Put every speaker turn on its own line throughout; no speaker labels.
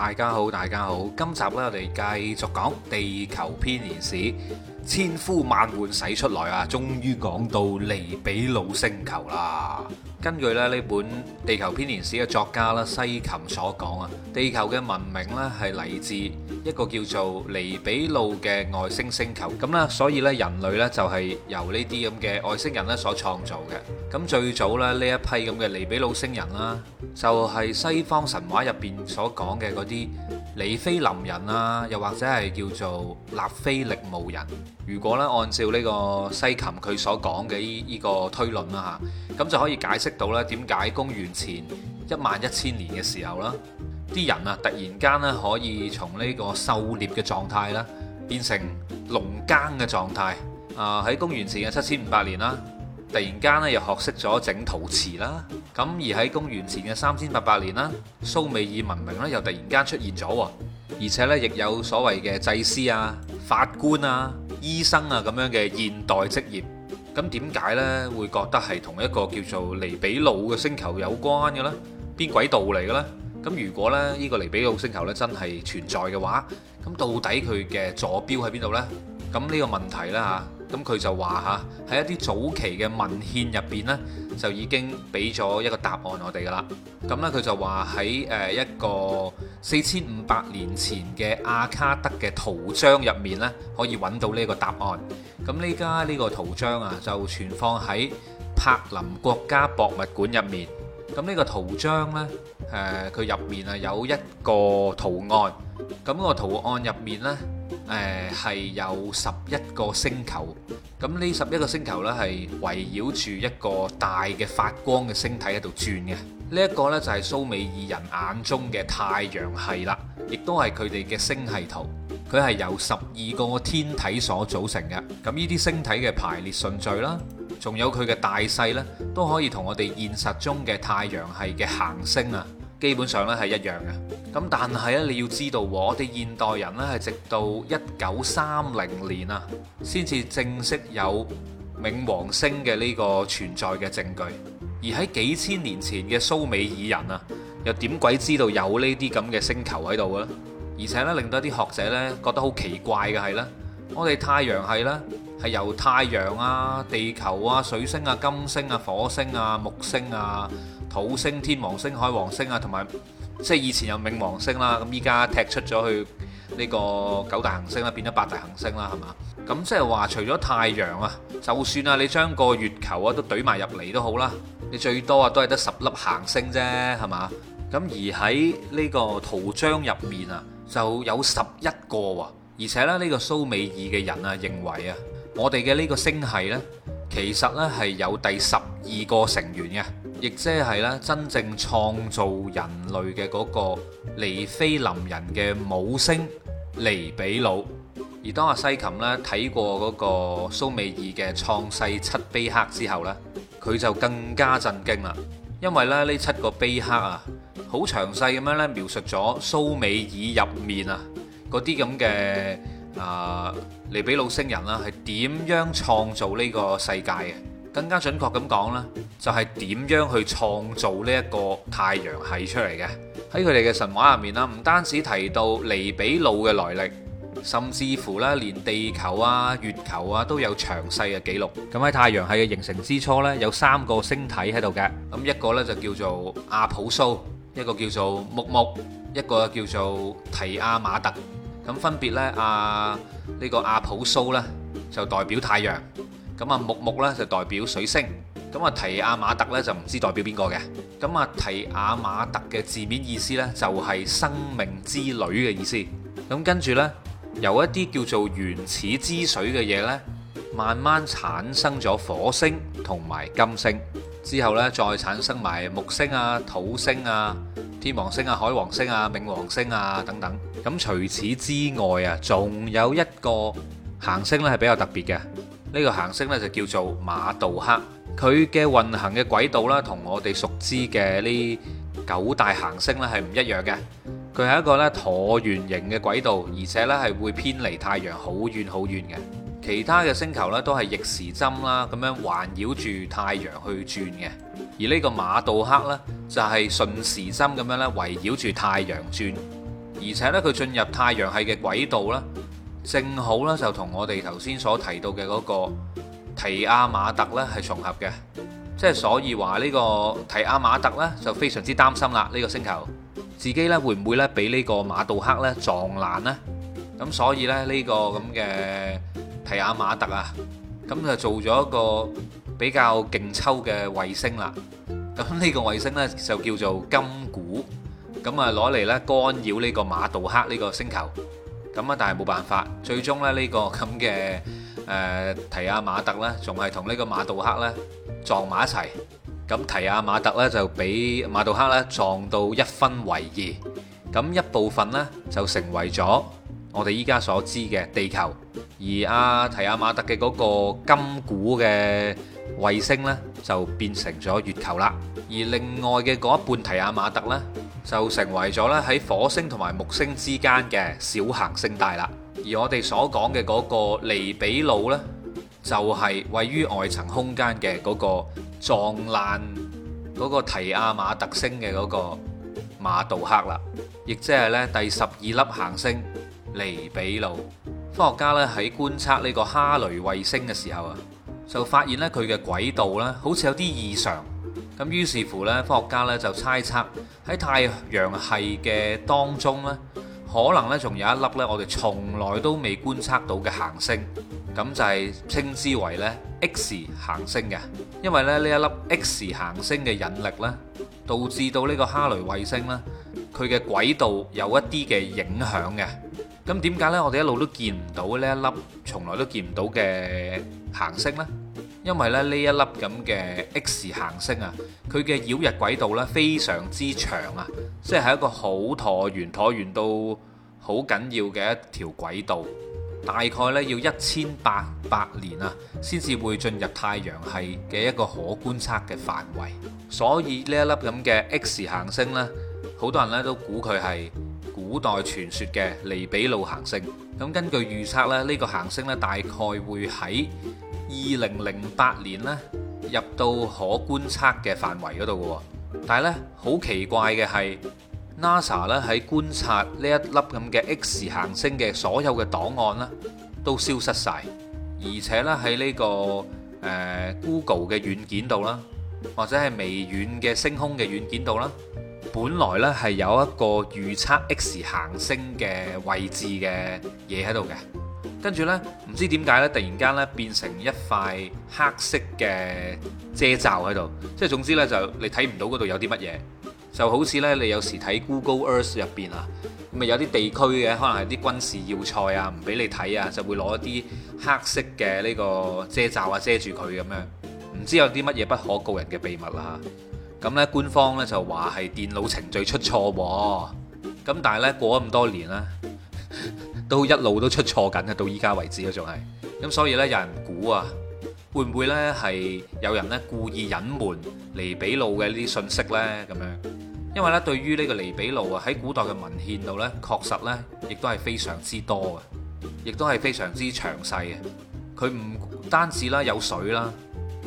大家好，大家好，今集咧我哋繼續講地球編年史，千呼萬喚使出來啊，終於講到尼比魯星球啦。根據咧呢本《地球編年史》嘅作家啦西琴所講啊，地球嘅文明咧係嚟自一個叫做尼比魯嘅外星星球，咁呢，所以咧人類咧就係由呢啲咁嘅外星人咧所創造嘅。咁最早咧呢一批咁嘅尼比魯星人啦，就係西方神話入邊所講嘅嗰啲。尼非林人啊，又或者係叫做納非力墓人。如果咧按照呢個西琴佢所講嘅依依個推論啦吓，咁就可以解釋到咧點解公元前一萬一千年嘅時候啦，啲人啊突然間咧可以從呢個狩獵嘅狀態啦，變成農耕嘅狀態。啊、呃、喺公元前嘅七千五百年啦，突然間咧又學識咗整陶瓷啦。咁而喺公元前嘅三千八百年啦，蘇美爾文明咧又突然間出現咗，而且咧亦有所謂嘅祭司啊、法官啊、醫生啊咁樣嘅現代職業。咁點解咧會覺得係同一個叫做尼比魯嘅星球有關嘅咧？邊軌道嚟嘅咧？咁如果咧呢個尼比魯星球咧真係存在嘅話，咁到底佢嘅坐標喺邊度咧？咁呢個問題啦吓。咁佢就話嚇，喺一啲早期嘅文獻入邊呢，就已經俾咗一個答案我哋噶啦。咁呢佢就話喺誒一個四千五百年前嘅阿卡德嘅圖章入面呢，可以揾到呢一個答案。咁呢家呢個圖章啊，就存放喺柏林國家博物館入面。咁呢個圖章呢，誒佢入面啊有一個圖案。咁個圖案入面呢，誒，係、呃、有十一個星球，咁呢十一個星球呢，係圍繞住一個大嘅發光嘅星體喺度轉嘅。呢、這、一個呢，就係蘇美爾人眼中嘅太陽系啦，亦都係佢哋嘅星系圖。佢係由十二個天體所組成嘅。咁呢啲星體嘅排列順序啦，仲有佢嘅大細呢，都可以同我哋現實中嘅太陽系嘅行星啊。基本上咧係一樣嘅，咁但係咧你要知道我哋現代人咧係直到一九三零年啊，先至正式有冥王星嘅呢個存在嘅證據，而喺幾千年前嘅蘇美爾人啊，又點鬼知道有呢啲咁嘅星球喺度啊？而且咧令到一啲學者咧覺得好奇怪嘅係咧，我哋太陽系咧係由太陽啊、地球啊、水星啊、金星啊、火星啊、木星啊。土星、天王星、海王星啊，同埋即係以前有冥王星啦。咁依家踢出咗去呢個九大行星啦，變咗八大行星啦，係嘛？咁即係話除咗太陽啊，就算啊，你將個月球啊都懟埋入嚟都好啦。你最多啊都係得十粒行星啫，係嘛？咁而喺呢個圖章入面啊，就有十一個喎。而且咧，呢個蘇美爾嘅人啊，認為啊，我哋嘅呢個星系呢，其實呢係有第十二個成員嘅。亦即係咧，真正創造人類嘅嗰個尼非林人嘅母星尼比魯。而當阿西琴咧睇過嗰個蘇美爾嘅創世七碑刻之後咧，佢就更加震驚啦，因為咧呢七個碑刻啊，好詳細咁樣咧描述咗蘇美爾入面啊嗰啲咁嘅啊尼比魯星人啦，係點樣創造呢個世界嘅。更加準確咁講啦，就係點樣去創造呢一個太陽系出嚟嘅？喺佢哋嘅神話入面啦，唔單止提到尼比魯嘅來歷，甚至乎啦，連地球啊、月球啊都有詳細嘅記錄。咁喺太陽系嘅形成之初呢，有三個星體喺度嘅，咁一個呢就叫做阿普蘇，一個叫做木木，一個叫做提亞馬特。咁分別呢，啊呢個阿普蘇呢就代表太陽。咁啊，木木咧就代表水星。咁啊，提亞馬特咧就唔知代表邊個嘅。咁啊，提亞馬特嘅字面意思咧就係生命之旅嘅意思。咁跟住咧，由一啲叫做原始之水嘅嘢咧，慢慢產生咗火星同埋金星，之後咧再產生埋木星啊、土星啊、天王星啊、海王星啊、冥王星啊等等。咁除此之外啊，仲有一個行星咧係比較特別嘅。呢個行星咧就叫做馬杜克，佢嘅運行嘅軌道咧同我哋熟知嘅呢九大行星咧係唔一樣嘅，佢係一個咧橢圓形嘅軌道，而且咧係會偏離太陽好遠好遠嘅。其他嘅星球咧都係逆時針啦咁樣環繞住太陽去轉嘅，而呢個馬杜克咧就係順時針咁樣咧圍繞住太陽轉，而且咧佢進入太陽系嘅軌道啦，正好咧就同我哋頭先所提到嘅嗰個提亞馬特咧係重合嘅，即係所以話呢個提亞馬特咧就非常之擔心啦，呢個星球自己咧會唔會咧俾呢個馬杜克咧撞爛咧？咁所以咧呢個咁嘅提亞馬特啊，咁就做咗一個比較勁抽嘅衛星啦。咁呢個衛星咧就叫做金鼓，咁啊攞嚟咧干擾呢個馬杜克呢個星球。咁啊，但係冇辦法，最終咧呢個咁嘅誒提亞馬特咧，仲係同呢個馬杜克咧撞埋一齊。咁提亞馬特咧就俾馬杜克咧撞到一分為二，咁一部分咧就成為咗我哋依家所知嘅地球，而阿提亞馬特嘅嗰個金古嘅衛星咧就變成咗月球啦，而另外嘅嗰一半提亞馬特咧。就成為咗咧喺火星同埋木星之間嘅小行星帶啦。而我哋所講嘅嗰個尼比魯呢，就係位於外層空間嘅嗰個撞爛嗰個提亞馬特星嘅嗰個馬杜克啦，亦即係呢第十二粒行星尼比魯。科學家咧喺觀察呢個哈雷衛星嘅時候啊，就發現呢，佢嘅軌道呢好似有啲異常。咁於是乎咧，科學家咧就猜測喺太陽系嘅當中咧，可能咧仲有一粒咧，我哋從來都未觀察到嘅行星，咁就係稱之為咧 X 行星嘅。因為咧呢一粒 X 行星嘅引力咧，導致到呢個哈雷衛星咧，佢嘅軌道有一啲嘅影響嘅。咁點解咧？我哋一路都見唔到呢一粒從來都見唔到嘅行星呢？因為咧呢一粒咁嘅 X 行星啊，佢嘅繞日軌道咧非常之長啊，即係一個好橢圓橢圓到好緊要嘅一條軌道，大概咧要一千八百年啊，先至會進入太陽系嘅一個可觀測嘅範圍，所以呢一粒咁嘅 X 行星咧，好多人咧都估佢係古代傳說嘅尼比魯行星，咁根據預測咧，呢、這個行星咧大概會喺二零零八年咧入到可觀測嘅範圍嗰度，但係呢，好奇怪嘅係 NASA 咧喺觀察呢一粒咁嘅 X 行星嘅所有嘅檔案啦，都消失晒，而且咧喺呢個誒、呃、Google 嘅軟件度啦，或者係微軟嘅星空嘅軟件度啦。本來呢係有一個預測 X 行星嘅位置嘅嘢喺度嘅，跟住呢，唔知點解呢突然間呢變成一塊黑色嘅遮罩喺度，即係總之呢，就你睇唔到嗰度有啲乜嘢，就好似呢你有時睇 Google Earth 入邊啊，咁啊有啲地區嘅可能係啲軍事要塞啊，唔俾你睇啊，就會攞一啲黑色嘅呢個遮罩啊遮住佢咁樣，唔知有啲乜嘢不可告人嘅秘密啦吓。咁咧，官方咧就話係電腦程序出錯喎。咁但係咧，過咗咁多年咧，都一路都出錯緊嘅，到依家為止啊，仲係。咁所以咧，有人估啊，會唔會咧係有人咧故意隱瞞尼比魯嘅呢啲信息呢？咁樣，因為咧，對於呢個尼比魯啊，喺古代嘅文獻度呢，確實呢亦都係非常之多嘅，亦都係非常之詳細嘅。佢唔單止啦，有水啦。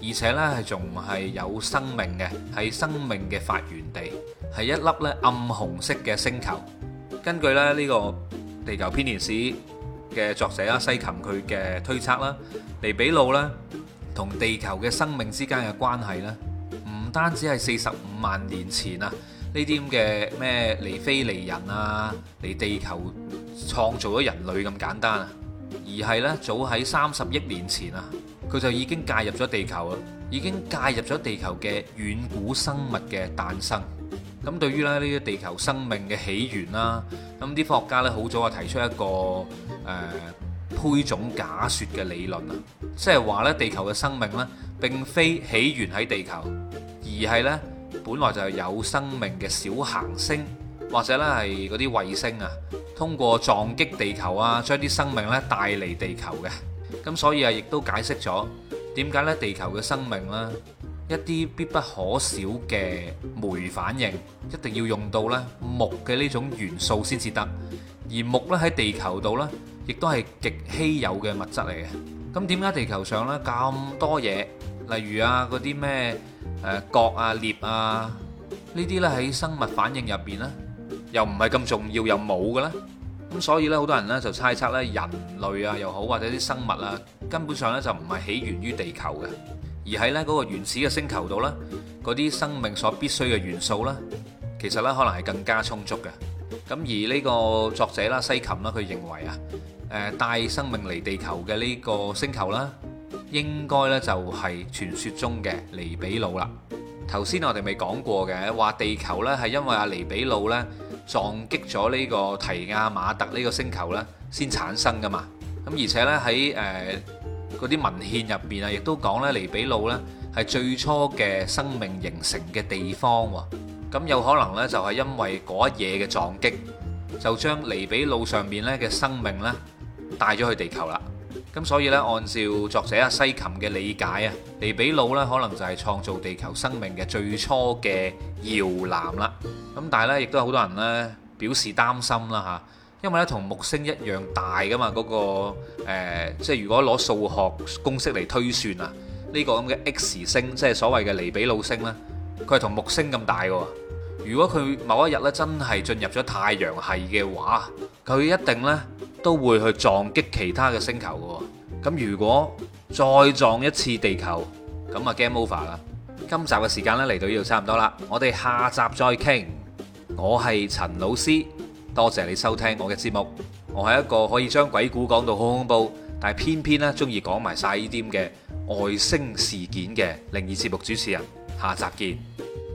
而且呢，係仲係有生命嘅，係生命嘅發源地，係一粒咧暗紅色嘅星球。根據咧、這、呢個地球編年史嘅作者啦，西琴佢嘅推測啦，尼比魯呢同地球嘅生命之間嘅關係呢，唔單止係四十五萬年前啊，呢啲咁嘅咩尼非尼人啊，嚟地球創造咗人類咁簡單啊，而係呢早喺三十億年前啊。佢就已經介入咗地球啦，已經介入咗地球嘅遠古生物嘅誕生。咁對於咧呢啲地球生命嘅起源啦，咁啲科學家咧好早就提出一個誒胚種假説嘅理論啊，即係話咧地球嘅生命呢，並非起源喺地球，而係呢，本來就有生命嘅小行星或者呢係嗰啲衛星啊，通過撞擊地球啊，將啲生命呢帶嚟地球嘅。咁所以啊，亦都解釋咗點解呢地球嘅生命咧，一啲必不可少嘅酶反應一定要用到呢木嘅呢種元素先至得，而木呢喺地球度呢，亦都係極稀有嘅物質嚟嘅。咁點解地球上呢咁多嘢，例如啊嗰啲咩誒鈉啊、鎂啊呢啲呢喺生物反應入邊呢，又唔係咁重要又冇嘅咧？咁所以咧，好多人咧就猜測咧，人類啊又好，或者啲生物啊，根本上咧就唔係起源於地球嘅，而喺咧嗰個原始嘅星球度咧，嗰啲生命所必須嘅元素咧，其實咧可能係更加充足嘅。咁而呢個作者啦，西琴啦，佢認為啊，誒帶生命嚟地球嘅呢個星球啦，應該咧就係傳說中嘅尼比魯啦。頭先我哋未講過嘅，話地球咧係因為阿尼比魯咧，撞擊咗呢個提亞馬特呢個星球咧，先產生噶嘛。咁而且咧喺誒嗰啲文獻入邊啊，亦都講咧尼比魯咧係最初嘅生命形成嘅地方喎。咁有可能咧就係因為嗰一嘢嘅撞擊，就將尼比魯上面咧嘅生命咧帶咗去地球啦。咁所以咧，按照作者阿西琴嘅理解啊，尼比魯咧可能就係創造地球生命嘅最初嘅搖籃啦。咁但係咧，亦都有好多人咧表示擔心啦吓，因為咧同木星一樣大噶嘛，嗰個誒，即係如果攞數學公式嚟推算啊，呢個咁嘅 X 星，即係所謂嘅尼比魯星咧，佢係同木星咁大嘅。如果佢某一日咧真係進入咗太陽系嘅話，佢一定咧。都會去撞擊其他嘅星球嘅，咁如果再撞一次地球，咁啊 game over 啦。今集嘅時間咧嚟到呢度差唔多啦，我哋下集再傾。我係陳老師，多謝你收聽我嘅節目。我係一個可以將鬼故講到好恐怖，但係偏偏咧中意講埋晒呢啲嘅外星事件嘅靈異節目主持人。下集見。